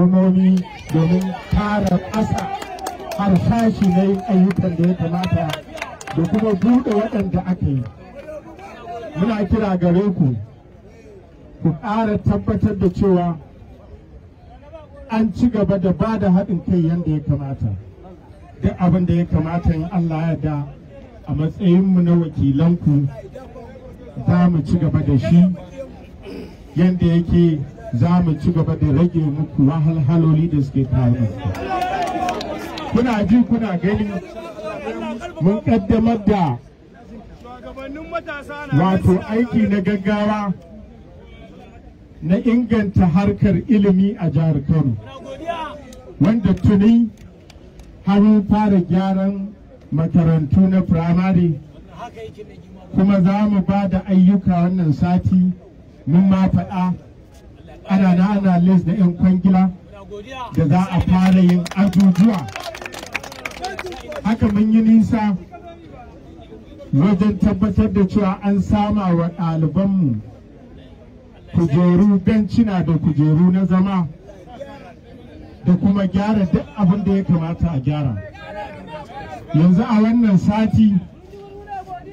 hukumomi domin kara ƙasa harsashi na yin ayyukan da ya kamata da kuma buɗe waɗanda aka yi muna kira gare ku ku ƙara tabbatar da cewa an ci gaba da ba da haɗin kai yadda ya kamata duk abin da ya kamata in Allah ya da a matsayinmu na wakilanku za mu ci gaba da shi yadda yake za mu ci gaba da rage muku wahalhaloli da suke tare kuna ji kuna gani mun kaddamar da wato aiki na gaggawa na inganta harkar ilimi a jihar kano wanda tuni har fara gyaran makarantu na firamare kuma za mu ba da ayyuka wannan sati mun ma faɗa ana na ana les da 'yan kwangila da za a fara yin ajujuwa haka mun yi nisa wajen tabbatar da cewa an sama wa ɗalibanmu kujeru bencina da kujeru na zama da kuma gyara duk abin da ya kamata a gyara yanzu a wannan sati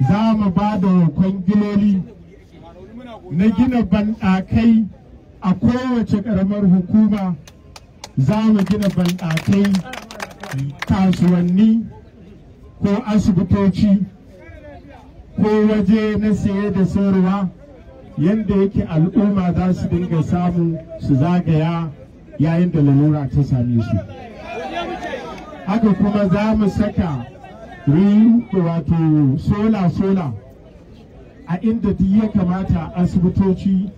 za mu ba da kwangiloli na gina banɗakai a kowace ƙaramar hukuma za mu gina banɗakai kasuwanni ko asibitoci ko waje na saye da sayarwa yadda yake al'umma za su dinga samu su zagaya yayin da lalura ta same su haka kuma za mu saka wato sola-sola a inda duk ya kamata asibitoci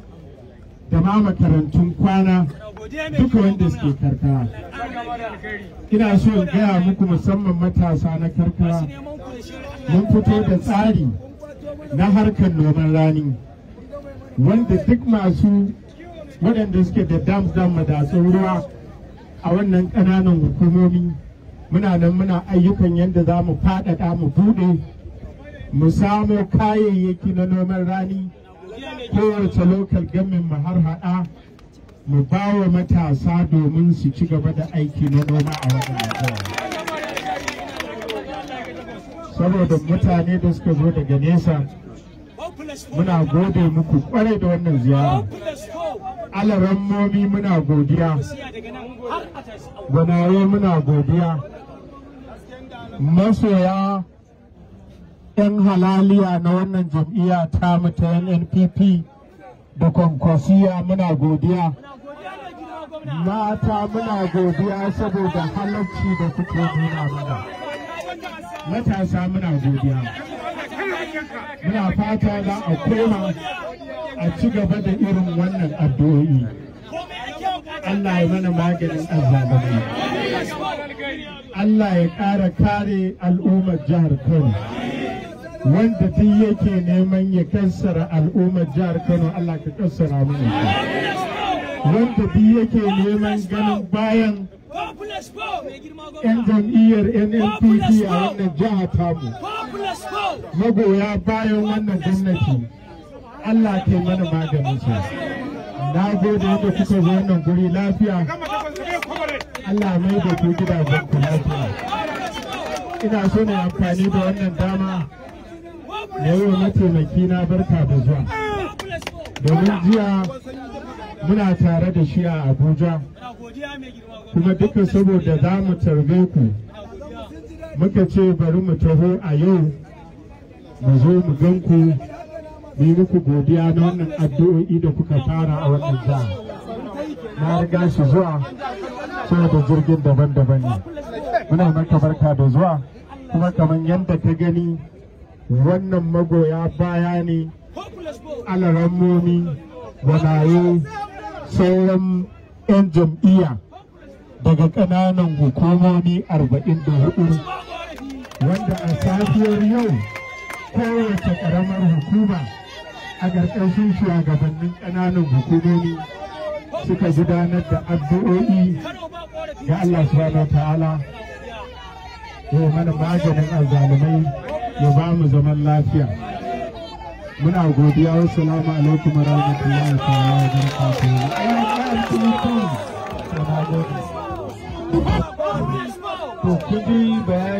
da makarantun kwana duka wanda suke karkara ina so in gaya muku musamman matasa na karkara mun fito da tsari na harkar noman rani wanda duk masu waɗanda suke da dams dam madatsun ruwa a wannan ƙananan hukumomi muna nan muna ayyukan yadda za mu faɗaɗa mu buɗe mu samo kayayyaki na noman rani kowace lokal gamin mu har hada mu ba wa matasa domin su ci gaba da aiki na noma a wajen saboda mutane da suka zo daga nesa muna gode muku kwarai da wannan ziyara alaran momi muna godiya gwanaye muna godiya masoya 'yan halaliya na wannan jam'iyya ta ta NPP da kwankwasiya muna godiya. Mata muna godiya saboda halarci da suke nuna mana. Matasa muna godiya. Muna fata za a koma a ci gaba da irin wannan addu'o'i. Allah ya mana maganin azzalumai. Allah ya ƙara kare al'ummar jihar Kano. wanda duk yake neman ya kassara al'ummar jihar Kano Allah ka kassara mana wanda duk yake neman ganin bayan yan jam'iyyar NNPP a wannan jiha tamu magoya bayan wannan gwamnati Allah ke mana maganin su. na gode da kuka zo wannan guri lafiya Allah mai da ku gidajen ku lafiya ina so na amfani da wannan dama yayi wa mataimaki na barka da zuwa domin jiya muna tare da shi a abuja kuma duka saboda za mu tarbe ku muka ce bari mu taho a yau mu zo mu gan ku mu yi muku godiya na wannan addu'o'i da kuka fara a wannan jiha na riga shi zuwa saboda jirgin daban-daban ne muna maka barka da zuwa kuma kamar yadda ka gani wannan magoya baya ne alarammomi gwanaye sauran 'yan jam'iyya daga ƙananan hukumomi 44 wanda a safiyar yau kowace ƙaramar hukuma a ƙarƙashin shugabannin ƙananan hukumomi suka gudanar da addu'o'i ga Allah subhanahu wa ta'ala ya mana maganin azzalumai ya ba mu zaman lafiya muna godiya wa salamu alaikum wa rahmatullahi ta'ala wa barakatuhu to kun ji bayani